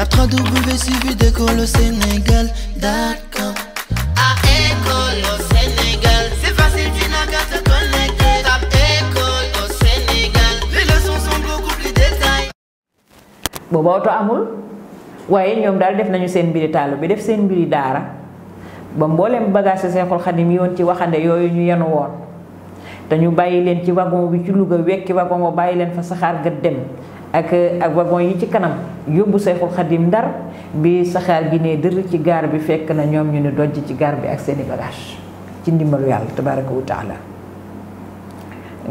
Tapera W d'école au Sénégal booba oto amul waaye ñoom daal def nañu seen mbiri taalu bi def seen mbiri daara ba mbooleem bagage Seexul Xadim yi woon ci waxande yooyu ñu yenu woon te ñu bàyyi leen ci wagon bi ci Louga wekki wagon ba bàyyi leen fa saxaar ga dem ak ak yi ci kanam yóbbu say ko Xadim Ndar bi saxaar bi ne dër ci gaar bi fekk na ñoom ñu ne dojj ci gaar bi ak seeni bagage ci ndimbalu yàlla tabaraka wa taala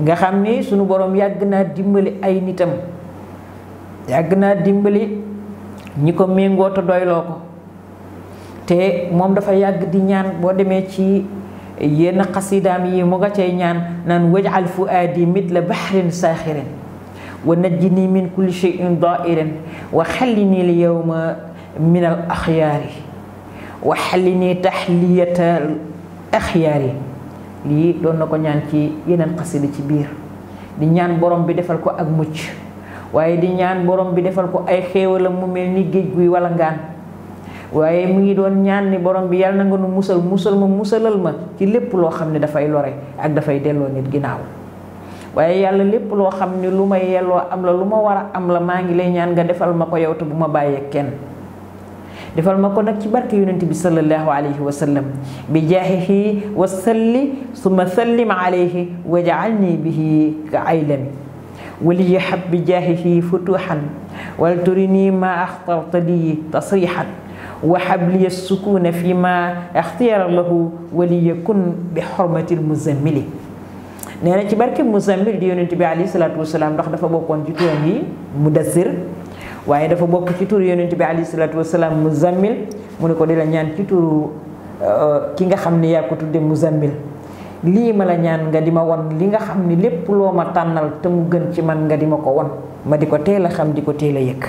nga xam ni sunu borom yàgg naa dimbali ay nitam yàgg naa dimbali ñi ko méngoo te doyloo ko te moom dafa yàgg di ñaan boo demee ci yenn xasidaam yi mu nga cay ñaan naan wajal fuaadi mit la baxrin saaxirin wa najjini min kulli shay'in da'irin wa xallini al yawma min al axyaari wa xallini taxliyatal axyaari lii doon na ko ñaan ci yeneen xasida ci biir di ñaan borom bi defal ko ak mucc waaye di ñaan borom bi defal ko ay xéewalam mu mel ni géej guy walla ngaan waaye mu ngi doon ñaan ni borom bi yàlla na nga nu musal musal ma musalal ma ci lépp loo xam ne dafay lore ak dafay delloo nit ginnaaw waaye yàlla lépp loo xam ni lu ma yelloo am la lu ma war a am la maa ngi lay ñaan nga defal ma ko yow te bu ma bàyyee kenn defal ma ko nag ci barke yonent bi sallallahu alayhi wa sallam bi jaahihi wa salli summa sallim alayhi wa jaalni bihi ka aylami wali yahab bi jaahihi futuhan wal turini ma axtarta li tasrihan wa habliya sukuna fi ma axtiyara lahu wali yakun bi xormati almuzammili nee na ci barke muzammil di yonent bi alayhi salaatu wasalaam ndax dafa bokkoon ci turam yi mudassir waaye dafa bokk ci tur yonent bi alayhi salaatu wasalaam muzammil mu ne ko di la ñaan ci turu euh, ki nga xam ni yaa ko tudde muzammil lii ma la ñaan nga di ma won li nga xam ni lépp loo ma tànnal te mu gën ci man nga di ma ko won ma di ko teel a xam di ko teel a yëg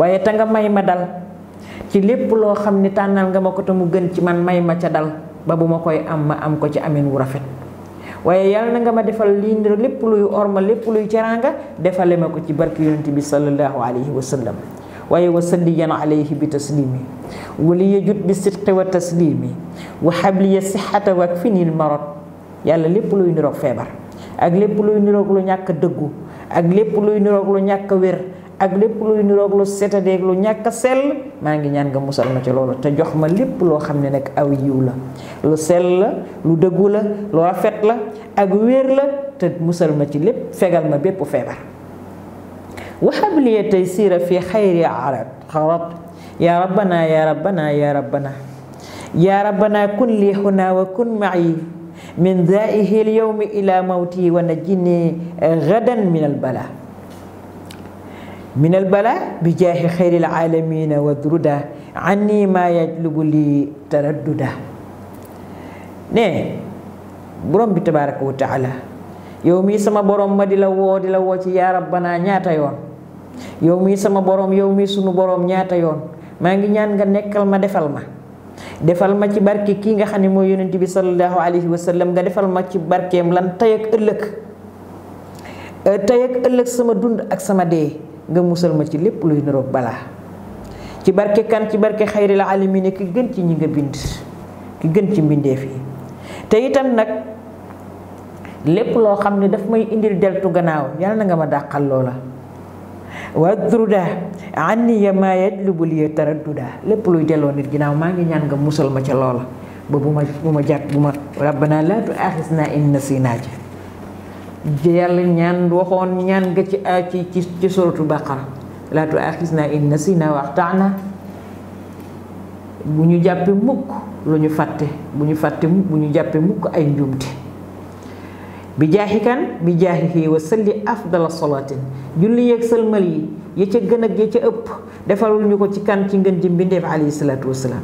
waaye te nga may ma dal ci lépp loo xam ni tànnal nga ma ko te mu gën ci man may ma ca dal ba ma koy am ma am ko ci amin wu rafet waaye yàlla na nga ma defal lii lépp luy orma lépp luy teraanga defale ma ko ci barke yonent bi sallallahu alayhi wa sallam waaye wa salliyan alayhi bi taslimi waliya jut bi sidqi wa taslimi wa xabliya sixata wa kfini l marad yàlla lépp luy niroog feebar ak lépp luy niroog lu ñàkk dëggu ak lépp luy niroog lu ñàkk wer ak lépp luy niroog lu setadeeg lu ñàkk a sell maa ngi ñaan nga musal ma ci loolu te jox ma lépp loo xam ne nag aw yiw la lu sell la lu dëggu la lu rafet la ak wér la te musal ma ci lépp fegal ma bépp feebar waxabliya tey siira fi xayri arab xarat yaa rabbana yaa rabbana yaa rabbana kun lii xunaa wa kun maci min daa'ihi l yowmi ila mawti wa najjini gadan min al bala min al bala bi jaahi xayril aalamiina wadruda anni maa yajlubu li taradduda ne borom bi tabaaraka wa yow mii sama borom ma di la woo di la woo ci yaa banaa ñaata yoon yow mii sama borom yow mii sunu borom ñaata yoon maa ngi ñaan nga nekkal ma defal ma defal ma ci barke kii nga xam ne mooy yonent bi sallallahu alayhi wa sallam nga defal ma ci barkeem lan tey ak ëllëg tey ak ëllëg sama dund ak sama dee nga musal kan, ya ma ci lepp luy nuro bala ci barke kan ci barke xayril alamin ki gën ci ñi nga bind ki gën ci mbinde fi te itam nak lepp lo xamni daf may indil deltu gannaaw yalla na nga ma dàqal loola wadruda anni yama yadlubu li ya taradduda lepp luy delo nit ginaaw ma ngi ñaan nga musal ma ci lola bu buma bu ma rabbana la tu axisna in nasina yàlla ñaan waxoon ñaan nga ci ah, ci ci ci in nasiinaa wa bu ñu jàppee mukk lu ñu fàtte bu fàtte bu ñu jàppee mukk ay njuumte bi jaaxi bi jaaxihi wa salli afdala salaatin julli yeeg sëlmal yi ya ca gën ak ya ca ëpp defarul ñu ko ci kan ci ngën ji mbindeef alayhi salaatu wasalaam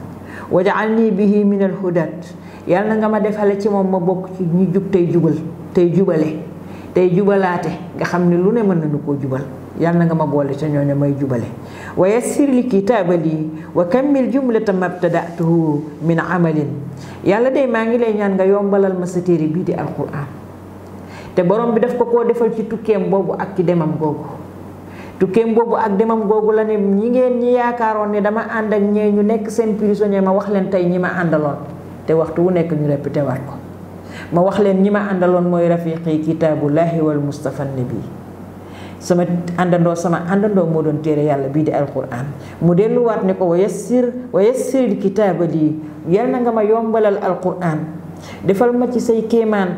wajaal nii bihi min al hudaat yàlla na nga ma defale ci moom ma bokk ci ñu jub tey jubal tey jubale tay jubalaté nga xam lu ne mën nañu ko jubal yalla nga ma boole ca ñooñu may jubalé wa yassir li kitaabali wa kammil jumlata mabtadatuhu min amalin yalla day ma ngi lay ñaan nga yombalal ma sétéré bi di alquran te borom bi daf ko ko defal ci tukkeem bobu ak ci demam googu tukkeem bobu ak demam googu la ne ñi ngeen ñi yaakaaroon dama and ak ñee ñu seen prisonnier ma wax leen tay ñi ma te waxtu wu nekk ñu répété war ko ma wax leen ñi ma àndaloon mooy rafiqi kitaabullahi wal mustafa nabi sama àndandoo sama àndandoo moo doon téere yàlla bii di alquran mu delluwaat ne ko wa yassir wa yassiril kitaaba lii yal na nga ma yombalal alquran defal ma ci say kéemaan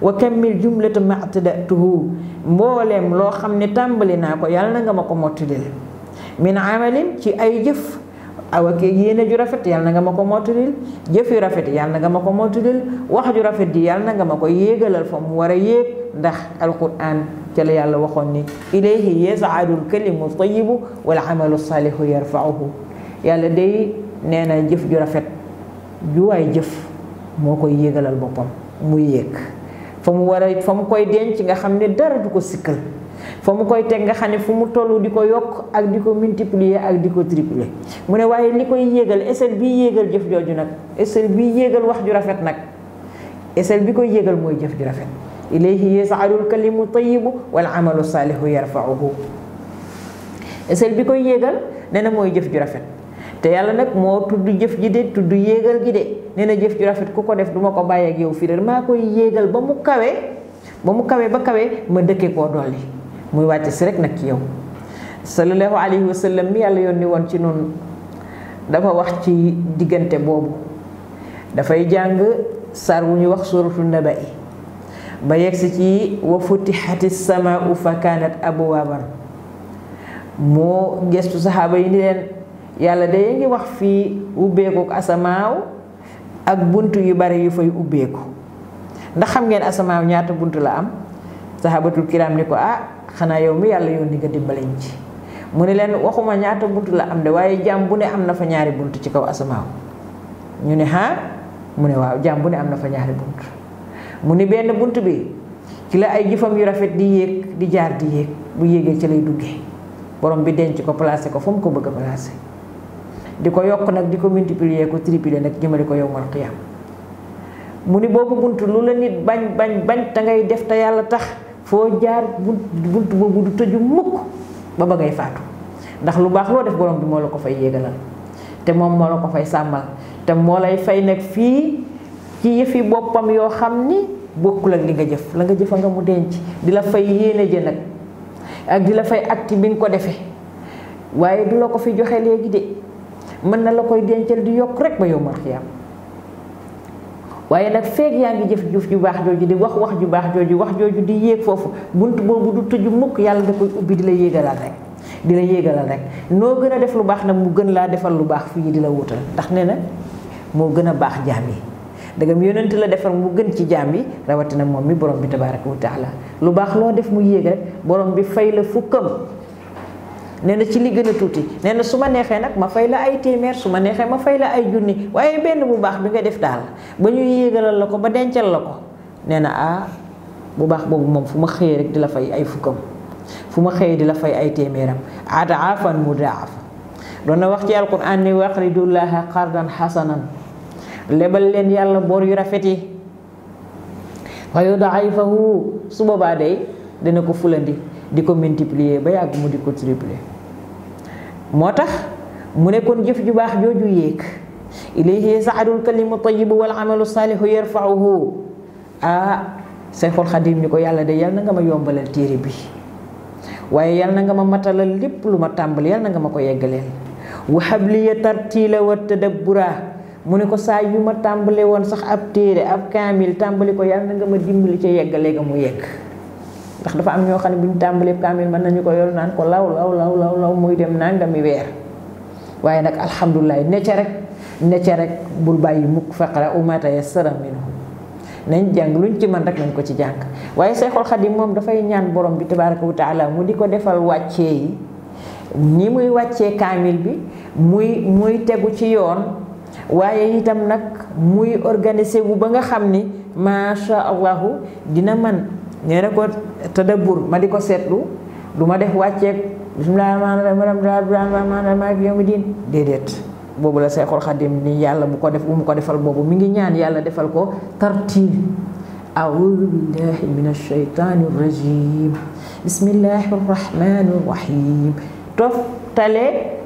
wa kammil jumlata matadatuhu mbooleem loo xam ne tàmbali naa ko yàlla na nga ma ko mottali min amalin ci ay jëf awa yene ju rafet yalna nga mako motulil mottalil yu rafet yalna nga mako motulil wax ju rafet di yalna nga mako yegalal fam wara yek ndax alquran ci la yàlla waxon ni ilayhi yasaadu alkalimu tayyibu wal amalu salihu yarfauhu yàlla day neena jeuf ju rafet ju way jeuf moko yegalal bopam muy yek fam wara fam koy denc nga xamne dara du ko sikkel fa mu koy teg nga xam ne fu mu toll di ko yokk ak di ko multiplier ak di ko tripler mu ne waaye li koy yéegal esel bi yéegal jëf jooju nag esel bi yéegal wax ju rafet nag esel bi koy yéegal mooy jëf ju rafet ilayhi yasaadul kalimu tayibu wal amalu saalihu yarfauhu esel bi koy yéegal nee na mooy jëf ju rafet te yàlla nag moo tudd jëf ji de tudd yéegal gi de nee na jëf ju rafet ku ko def du ma ko bàyyi ak yow fii maa koy yéegal ba mu kawe ba mu kawe ba kawe ma dëkkee koo dolli muy wàcc si rek nag ci yow sallallahu alayhi wa mi yàlla yónni woon ci noonu dafa wax ci diggante boobu dafay jàng sar wu ñuy wax suratu naba i ba yegsi ci wa sama samaau fa kaanat abwaaban moo gestu saxaaba yi ni leen yàlla day ngi wax fii ubbeeku asamaaw ak bunt yu bari yu fay ubbeeku ndax xam ngeen asamaaw ñaata bunt la am saxaabatul kiram ni ko ah xana yow mi yàlla yónni nga dimbaliñ ci mune ne waxuma ñaata buntu la am de waye jaam bu ne am na fa ñaari buntu ci kaw asamaaw ñu ne ha Mune waaw jaam bu ne am na fa ñaari buntu mune benn bi ci la ay jifam yu rafet di yek di jaar di yek bu yegge ci lay duggé borom bi denc ko placer ko fum ko bëgg placer diko di nak diko di multiplier ko tripler nak jëmele ko yow mal xiyam muni ni lu la nit bañ bañ bañ ta ngay def ta yalla tax fo jaar bunt boobu du tëju mukk ba ba ngay faatu ndax lu bax lo def borom bi mo la ko fay yegalal te mom mo la ko fay sàmmal te mo lay fay nek fi ci yefi bopam yo xamni bokku bokkul li nga jëf la nga jëfa nga mu denc di la fay yene je nak ak di la fay acti bi nga ko defé waye du la ko fi joxe léegi de man na la koy dencal du yok rek ba yow mar xiyam waaye nag feeg yaa ngi jëf jëf ju baax jooju di wax wax ju baax jooju wax jooju di yéeg foofu bunt boobu du tëju mukk yàlla da koy ubbi di la yéegalal rek di yéegalal rek noo gën a def lu baax nag mu gën laa defal lu baax fii di la wutal ndax nee na moo gën a baax jaam yi dagam yonent la defar mu gën ci jaam yi rawatina moom mi borom bi tabaaraka wa taala lu baax loo def mu yéeg borom bi fay la fukkam nee na ci li gën a tuuti nenna su ma neexee nag ma fay la ay téeméer su ma neexee ma fay la ay junni waaye benn bu baax bi nga def daal ba ñu yéegalal la ko ba dencal la ko nee na ah bu baax boobu moom fu ma xëyee rek di la fay ay fukkam fu ma xëyee di la fay ay téeméeram adaafan mudaafa doon na wax ci alquran ni waqridullaha qardan xasanan lebal leen yàlla boor yu rafet yi wa yudaifahu su boobaa day dina ko fulandi di multiplier ba yag mu diko tripler motax tax mu ne kon jëf ju bax joju yek ilayhi sa'adul kalimu tayyib wal amalu salih yarfauhu A ah, Seyxul khadim ni ko de yalla nga ma yombalal téere bi waye yalla nga ma matalal lepp luma tambal yalla nga ma ko wa habli tartila wa tadabbura mu ne ko sa yu tambale won sax ab téere ab kamil tambali ko yalla nga ma dimbali ci yeggale ga mu yegg ndax dafa am ño xamni buñu tambalé kamil man nañu ko yor nan ko law law law law law muy dem nangami weer waaye nag alhamdulilah ne ca rek ne ca rek bul bayyi muk faqra umata yassara minhu nañ jang luñ ci man rek nañ ko ci jàng waaye khadim mom da fay ñaan borom bi tabaaraku wa taala mu diko defal wàccee yi ni muy wàccee kamil bi muy muy tegu ci yoon waaye itam nak muy organiser wu ba nga xamni ni macha allahu dina man nee na ko tadabbur ma di ko seetlu du ma def wàcceeg bismillahi rahmaani rahim maliki yawmi diin déedéet boobu la Seexul Xadim ni yàlla bu ko def bu mu ko defal boobu mi ngi ñaan yàlla defal ko tartiil audu billahi min ashaytaani rajim bismillahi rahmaani rahim toftale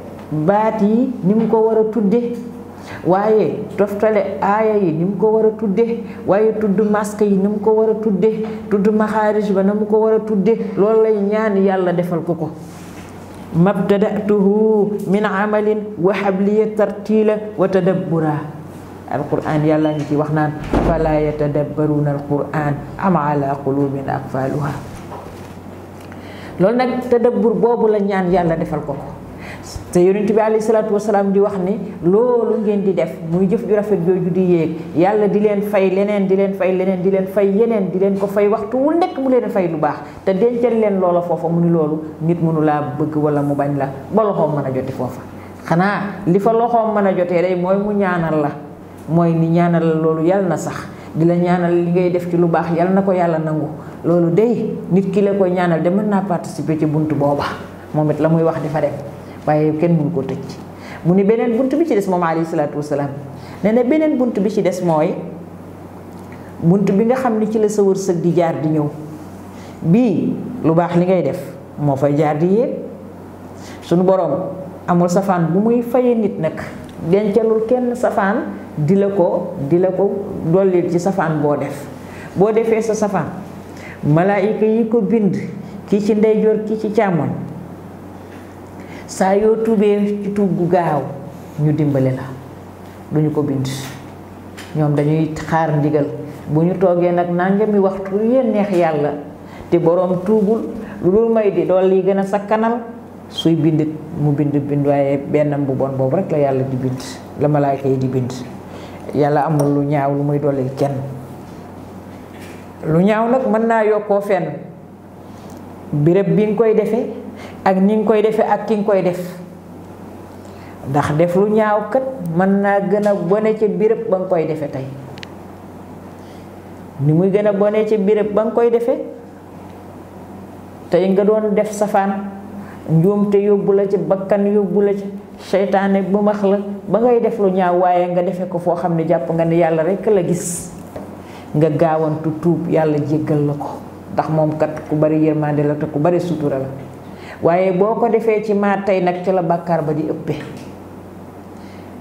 baat yi ni mu ko war a tudde waaye toftale aaya yi ni mu ko war a tudde waaye tudd mask yi ni mu ko war a tuddee tudd maxaarij ba na mu ko war a tudde loolu lay ñaan yàlla defal ko ko mabtadatuhu min amalin wa habliya tartila wa tadabbura alquran yàlla ngi ci wax naan fala yatadabbaruna alquran am ala qulubin aqfaluha loolu nag tadabbur boobu la ñaan yàlla defal ko ko te yonent bi ali salaatu Wasallam di wax ni lolou ngeen di def muy jëf ju rafet jooju judi yéeg yalla di len fay lenen di len fay lenen di len fay yenen di len ko fay waxtu wu nek mu len fay lu bax te dencal len lolou fofu mu ni lolou nit nu laa bëgg wala mu bañ la ba loxom mëna a fofu xana li fa loxom mëna a day moy mu ñaanal la moy ni ñaanal lolou yalla na sax di la ñaanal li ngay def ci lu bax yalla nako yalla nangu lolou day nit ki la ko ñaanal dem na participer ci buntu boba momit lamuy wax di fa def waaye kenn mënu koo tëj mu ni beneen bunt bi ci des moom alayhi salaatu wasalaam nee na beneen bunt bi ci des mooy bunt bi nga xam ni ci la sa wërsëg di jaar di ñëw bii lu baax li ngay def moo fay jaar di yéeg suñu boroom amul safaan bu muy fayee nit nag dencalul kenn safaan di la ko di la ko dollil ci safaan boo def boo defee sa safaan malaayika yi ko bind kii ci ndeyjoor kii ci càmmoñ sa yo tuubee ci tuub gu gaaw ñu dimbalé la duñu ko bind ñom dañuy xaar ndigal bu ñu nak nag nangami waxtu ye neex yalla te borom tuugul may di do li gëna a sakkanal suy bind mu bind bind waye benam bu bon boobu rek la yalla di bind la malaika yi di bind yalla amul lu ñaaw lu muy dolé kenn lu ñaaw nak mën naa yokkoo fenn rebb bi koy ak ni nga koy defee ak ki nga koy def ndax def lu ñaaw kat mën naa gën a bone ca béréb ba nga koy defe tey ni muy gën a bone ca béréb ba nga koy defe tey nga doon def safaan njuumte yóbbu la ci bakkan yóbbu la ci seytaane bu max la ba ngay def lu ñaaw waaye nga defe ko foo xam ne jàpp nga ne yàlla rekk la gis nga gaawantu tuub yàlla jéggal la ko ndax moom kat ku bari yërmande la te ku bari sutura la waye boko defé ci maa tey nag ci la bakkar ba di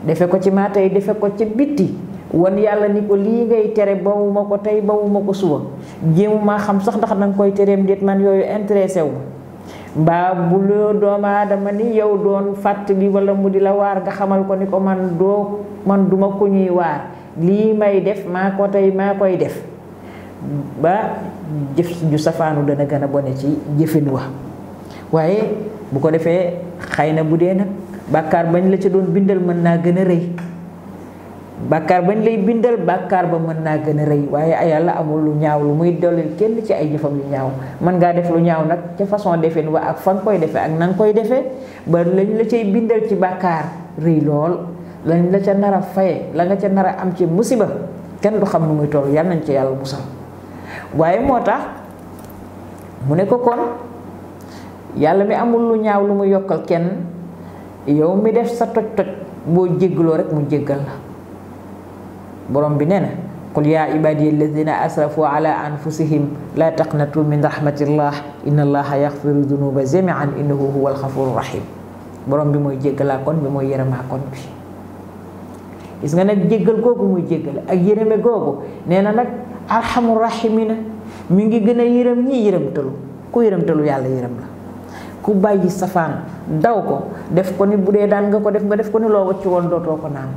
defe ko ci maa tey defe ko ci biti won yalla ni ko li ngay bawu mako tay bawu mako suwa jëm ma xam sax ndax nang koy téré déet man yoyu intéressé wu ba bu loo doomu adam ni yow doon fàttali wala mu di la war nga xamal ko ni ko man doo man duma ko ñuy war li may def maa ko tey def ba jëf ju safanu dana gëna boné ci jëfin wa waaye bu ko defé xëy budé nak bakkar bañ la ci doon bindal man na gëna a bakkar bañ lay bindal bakkar ba man na gëna a waye waaye ay yalla amul lu ñaaw lu muy dooleel kenn ci ay jëfam lu ñaaw man nga def lu ñaaw nak ci façon defeen wa ak fan koy defee ak nang koy defee ba lañ la cey bindal ci bakkar rëy lool lañ la ca nara fayé la nga ca nara am ci musiba kenn du xam nu muy toll yalla nañ ci yalla musal waaye motax mu ne ko kon yalla mi amul lu ñaaw lu mu yokal kenn yow mi def sa tok tok bo jéglo rek mu jéggal la borom bi nee qul ya ibadi alladhina asrafu ala anfusihim la taqnatu min rahmatillah inna allaha yaxfiru dunuba jamian innahu huwal ghafurur rahim borom bi moy jéggalaa kon bi moy yërëmaa kon bi gis nga nag jéggal googu muy jéggale ak yërëme googu nee nak arhamur rahimin rahimina mi ngi gëna yërem ñi yërem yërëmtalu ku yërëmtalu yalla yërem la ku bayyi safan daw ko def ko ni dan dan nga ko def nga def ko ni loo wacc woon ko nan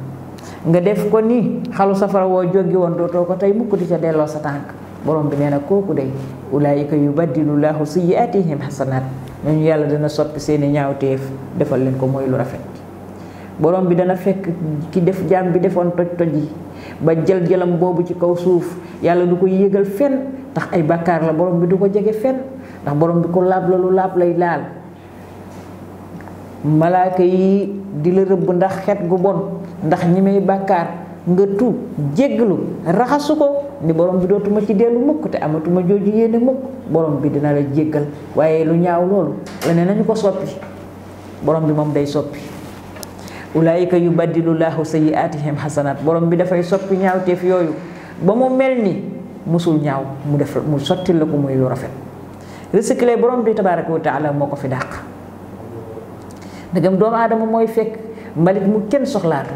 nga def ko ni xalu safara woo jóggi woon dootoo ko tey mukk di ca delo sa tank borom bi neena koku kooku day ulaayika yubaddilu laahu sayyi'aatihim hasanat ñun yalla dana soppi seeni ñaawteef defal leen ko moy lu rafet borom bi dana fekk ki def jam bi defon toj toj ba jël jëlam bobu ci kaw suuf yalla du ko yegal fen. tax ay bakkar la borom bi du ko jégué fenn ndax borom bi ko lab la lab lay laal malaika yi di la reub ndax xet gu bon ndax ñi may nga tu jéglu raxasu ko ni borom bi dootuma ci delu mukk te amatuma joju yene mukk borom bi dina la jéggal waye lu ñaaw lolu la nañ ko soppi borom bi mom day soppi ulaika yubaddilu llahu sayiatihim hasanat borom bi fay soppi ñaawteef yoyu ba mu melni musul ñaaw mu def mu sotti la ko muy rafet risque lay borom bi tabaaraku taala moko fi daq ndegam doom adam moy fek mbalit mu kenn soxlaat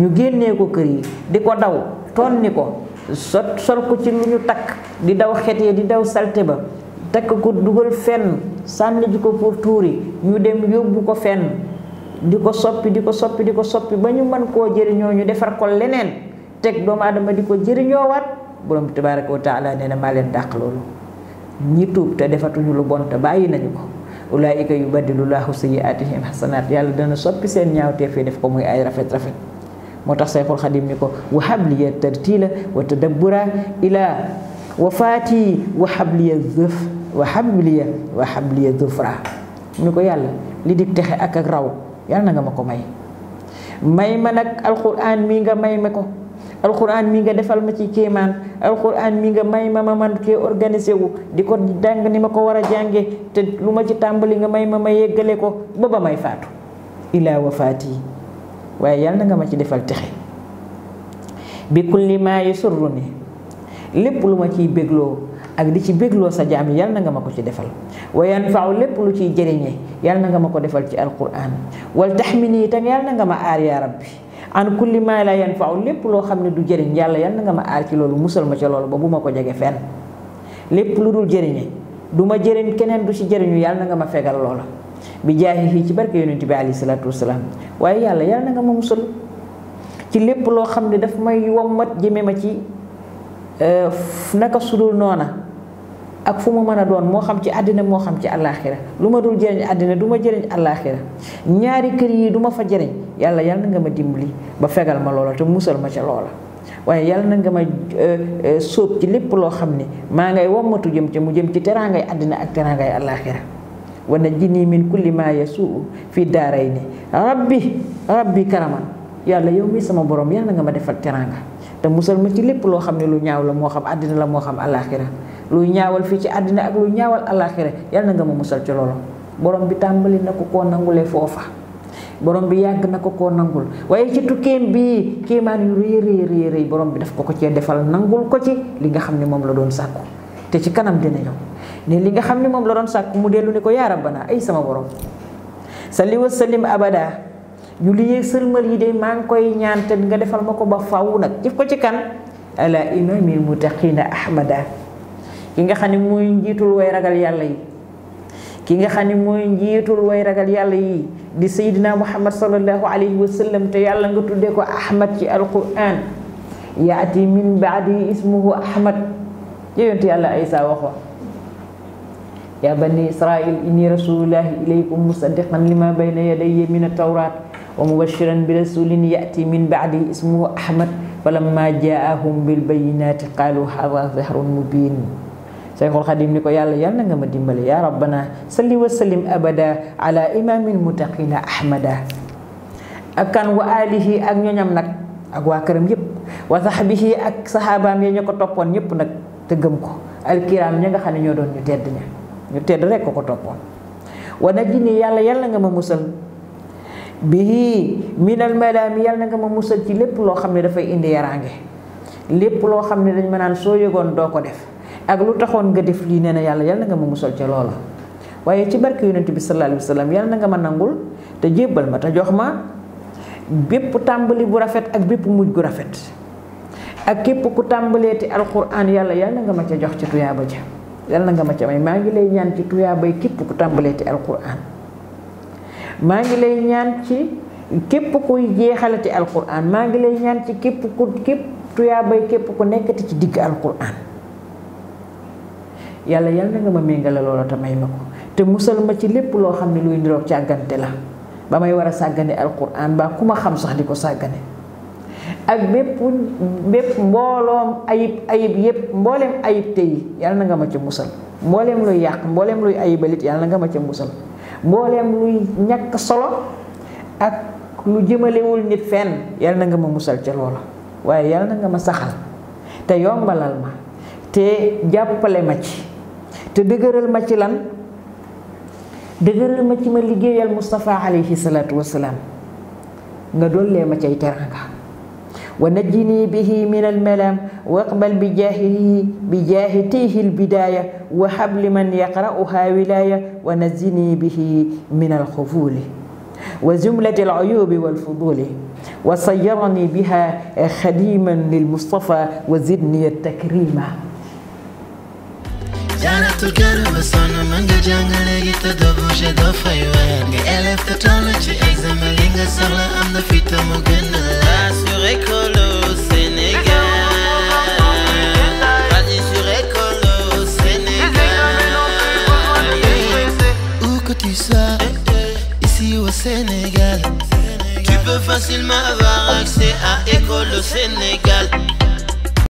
ñu genné ko kër yi di daw tonni ko sot sol ko ci luñu tak di daw xet ya di daw salté ba tak ko duggal fenn sanni diko pour touri ñu dem yobbu ko fenn di ko soppi di ko soppi di ko soppi ba ñu ko koo jëriñoo ñu defar ko tek teg doomu aadama di ko wat borom tabaaraku taala nee ma len leen ñi tuub te defatuñu lu bon te bàyyi nañu ko ulaayika yubaddilullaahu sayyi'aatihim hasanaat yàlla dana soppi seen ñaawteef yi def ko muy ay rafet rafet moo tax Seexul Xadim ni ko wa habliya tartiila wa tadabbura ilaa wafaati wa habliya zëf wa habliya wa habliya zufra mu ni ko yàlla li dig texe ak ak raw yàlla na nga ma ko may may ma nag alquran mii nga may ma ko alxuraan mi nga defal ma ci kéemaan alxuraan mi nga may ma ma man kee organisé wu di ko jàng ni ma ko war a jànge te lu ma ci tàmbali nga may ma ma yeggale ko ba ba may faatu ilaa wafaati waaye yàlla na nga ma ci defal texe bi kulli maa yusurruni lépp lu ma ciy bégloo ak di ci bégloo sa jaam yàlla na nga ma ko ci defal wa yanfaaw lépp lu ciy jëriñe yàlla na nga ma ko defal ci alxuraan wal tax mi nii tam yàlla na nga ma aar yaa rabbi an kulli maa la yan faaw lépp loo xam ne du jëriñ yàlla yan nga ma aar ci loolu musal ma ca loolu ba bu ma ko jege fenn lépp lu dul jëriñe du ma jëriñ keneen du ci jëriñu yàlla na nga ma fegal loola bi jaay fii ci barke yonent bi alayhi salaatu wasalaam waaye yàlla yàlla na nga ma musal ci lépp loo xam ne daf may wommat jëme ma ci euh, naka sudul noona ak fu mu mën doon mo xam ci àddina mo xam ci alakhirah luma dul jëriñ àddina duma ma alakhirah ñaari keur yi duma fa jëriñ yalla yalla nga ma dimbali ba fegal ma lolo te musal ma ci lolo waye yalla na nga ma eh, eh, soop ci lepp lo xamni ma ngay wommatu jëm ci mu jëm ci teraangay àddina ak teraangay alakhirah wana min kulli ma yasu fi daraini rabbi rabbi karaman yalla yow mi sama borom yalla nga ma defal teranga te musal ma ci lepp lo xamni lu ñaaw la mo xam la mo xam alakhirah lu nyawal ci adina ak lu nyawal alakhirah yalla na nga ma musal ci lolo borom bi tambali nako ko nangule fofa borom bi yag nako ko nangul waye ci tukem bi kéemaan yu ri ri ri ri borom bi daf ko ko ci defal nangul ko ci li nga xamni mom la doon sakku te ci kanam dina ñew ne li nga xamni mom la doon sakku mu delu ne ko ya rabbana ay sama borom salli wa sallim abada julli yeeg sëlmal yi de mang koy ñaan te nga defal mako ba faaw nak jëf ko ci kan ala imamil mutaqina ahmada ki nga xani moy njitul way ragal yalla yi ki nga xani moy njitul way ragal yalla yi di sayyidina muhammad sallallahu alaihi wasallam te yalla nga tuddé ko ahmad ci alquran yaati min ba'di ismuhu ahmad yoyonte yalla aisha waxo ya bani israil inni rasulullahi ilaykum musaddiqan lima bayna yadayya min at-taurat wa mubashiran bi rasulin yaati min ba'di ismuhu ahmad فلما bil بالبينات قالوا هذا ظهر mubin. Sayyidul Khadim ni ko yalla yalla nga ma dimbali ya rabbana salli wa sallim abada ala imamil muttaqina ahmada akan wa alihi ak ñoñam nak ak wa kërëm yépp wa sahbihi ak sahabaam ya ñoko toppoon ñépp nak te gëm ko al kiram ñi nga xamne ñoo doon ñu tedd ña ñu tedd rek ko ko wa najini yalla yalla nga ma musal bihi minal malam yalla nga ma musal ci lepp lo xamne da fay indi yarange lepp lo xamne dañ ma nan so yegon do ko def ak lu taxone nga def li neena yalla yalla nga mo musal ci lola waye ci barke yunus bi sallallahu alaihi wasallam yalla nga ma nangul te jebal ma te jox ma bepp tambali bu rafet ak bepp mujj gu rafet ak kep ku tambaleti alquran yalla yalla nga ma ca jox ci tuyaaba ja yàlla nga ma ca may ma ngi lay ñaan ci tuyaabay kep ku tambaleti alquran ma ngi lay ñaan ci kep ku jeexalati alquran ma ngi lay ñaan ci kep ku képp kep ku nekkati ci digg alquran yalla yàlla nga ma méngale lolo ta may mako te musal ma ci lepp lo xamni luy ndirok ci agante la bamay wara sagane alquran ba kuma xam sax di sagane ak bepp bepp mbolom ayib ayib yeb mbooleem ayib te yi yàlla nga ma ci musal mbooleem luy yak mbooleem luy ayibalit yàlla na nga ma ci musal luy ñak solo ak lu wul nit fen yalla nga ma musal ci lolo waye yalla nga ma saxal te yombalal ma te jappale ma ci te dëgëral ma ci lan dëgëral ma ci ma liggéeyal Moustapha alayhi salaatu wasalaam nga dollee ma cay teranga wa najjini bihi min almalam wa aqbal bi jaahihi bi jaahitihi albidaaya wa habli man yaqra'uha wilaaya wa najjini bihi min alxufuli wa jumlati alayubi walfuduli wa sayyarani biha xadiman lilmustafa wa zidni takrima Tukaruba sana manga jangale gita dobuje do faiwa Nga élève de ton luchi examen linga sala am na fita mugana La sur au Sénégal vas sur Ecole au Sénégal Où que tu sois, ici au Sénégal Tu peux facilement avoir accès à au Sénégal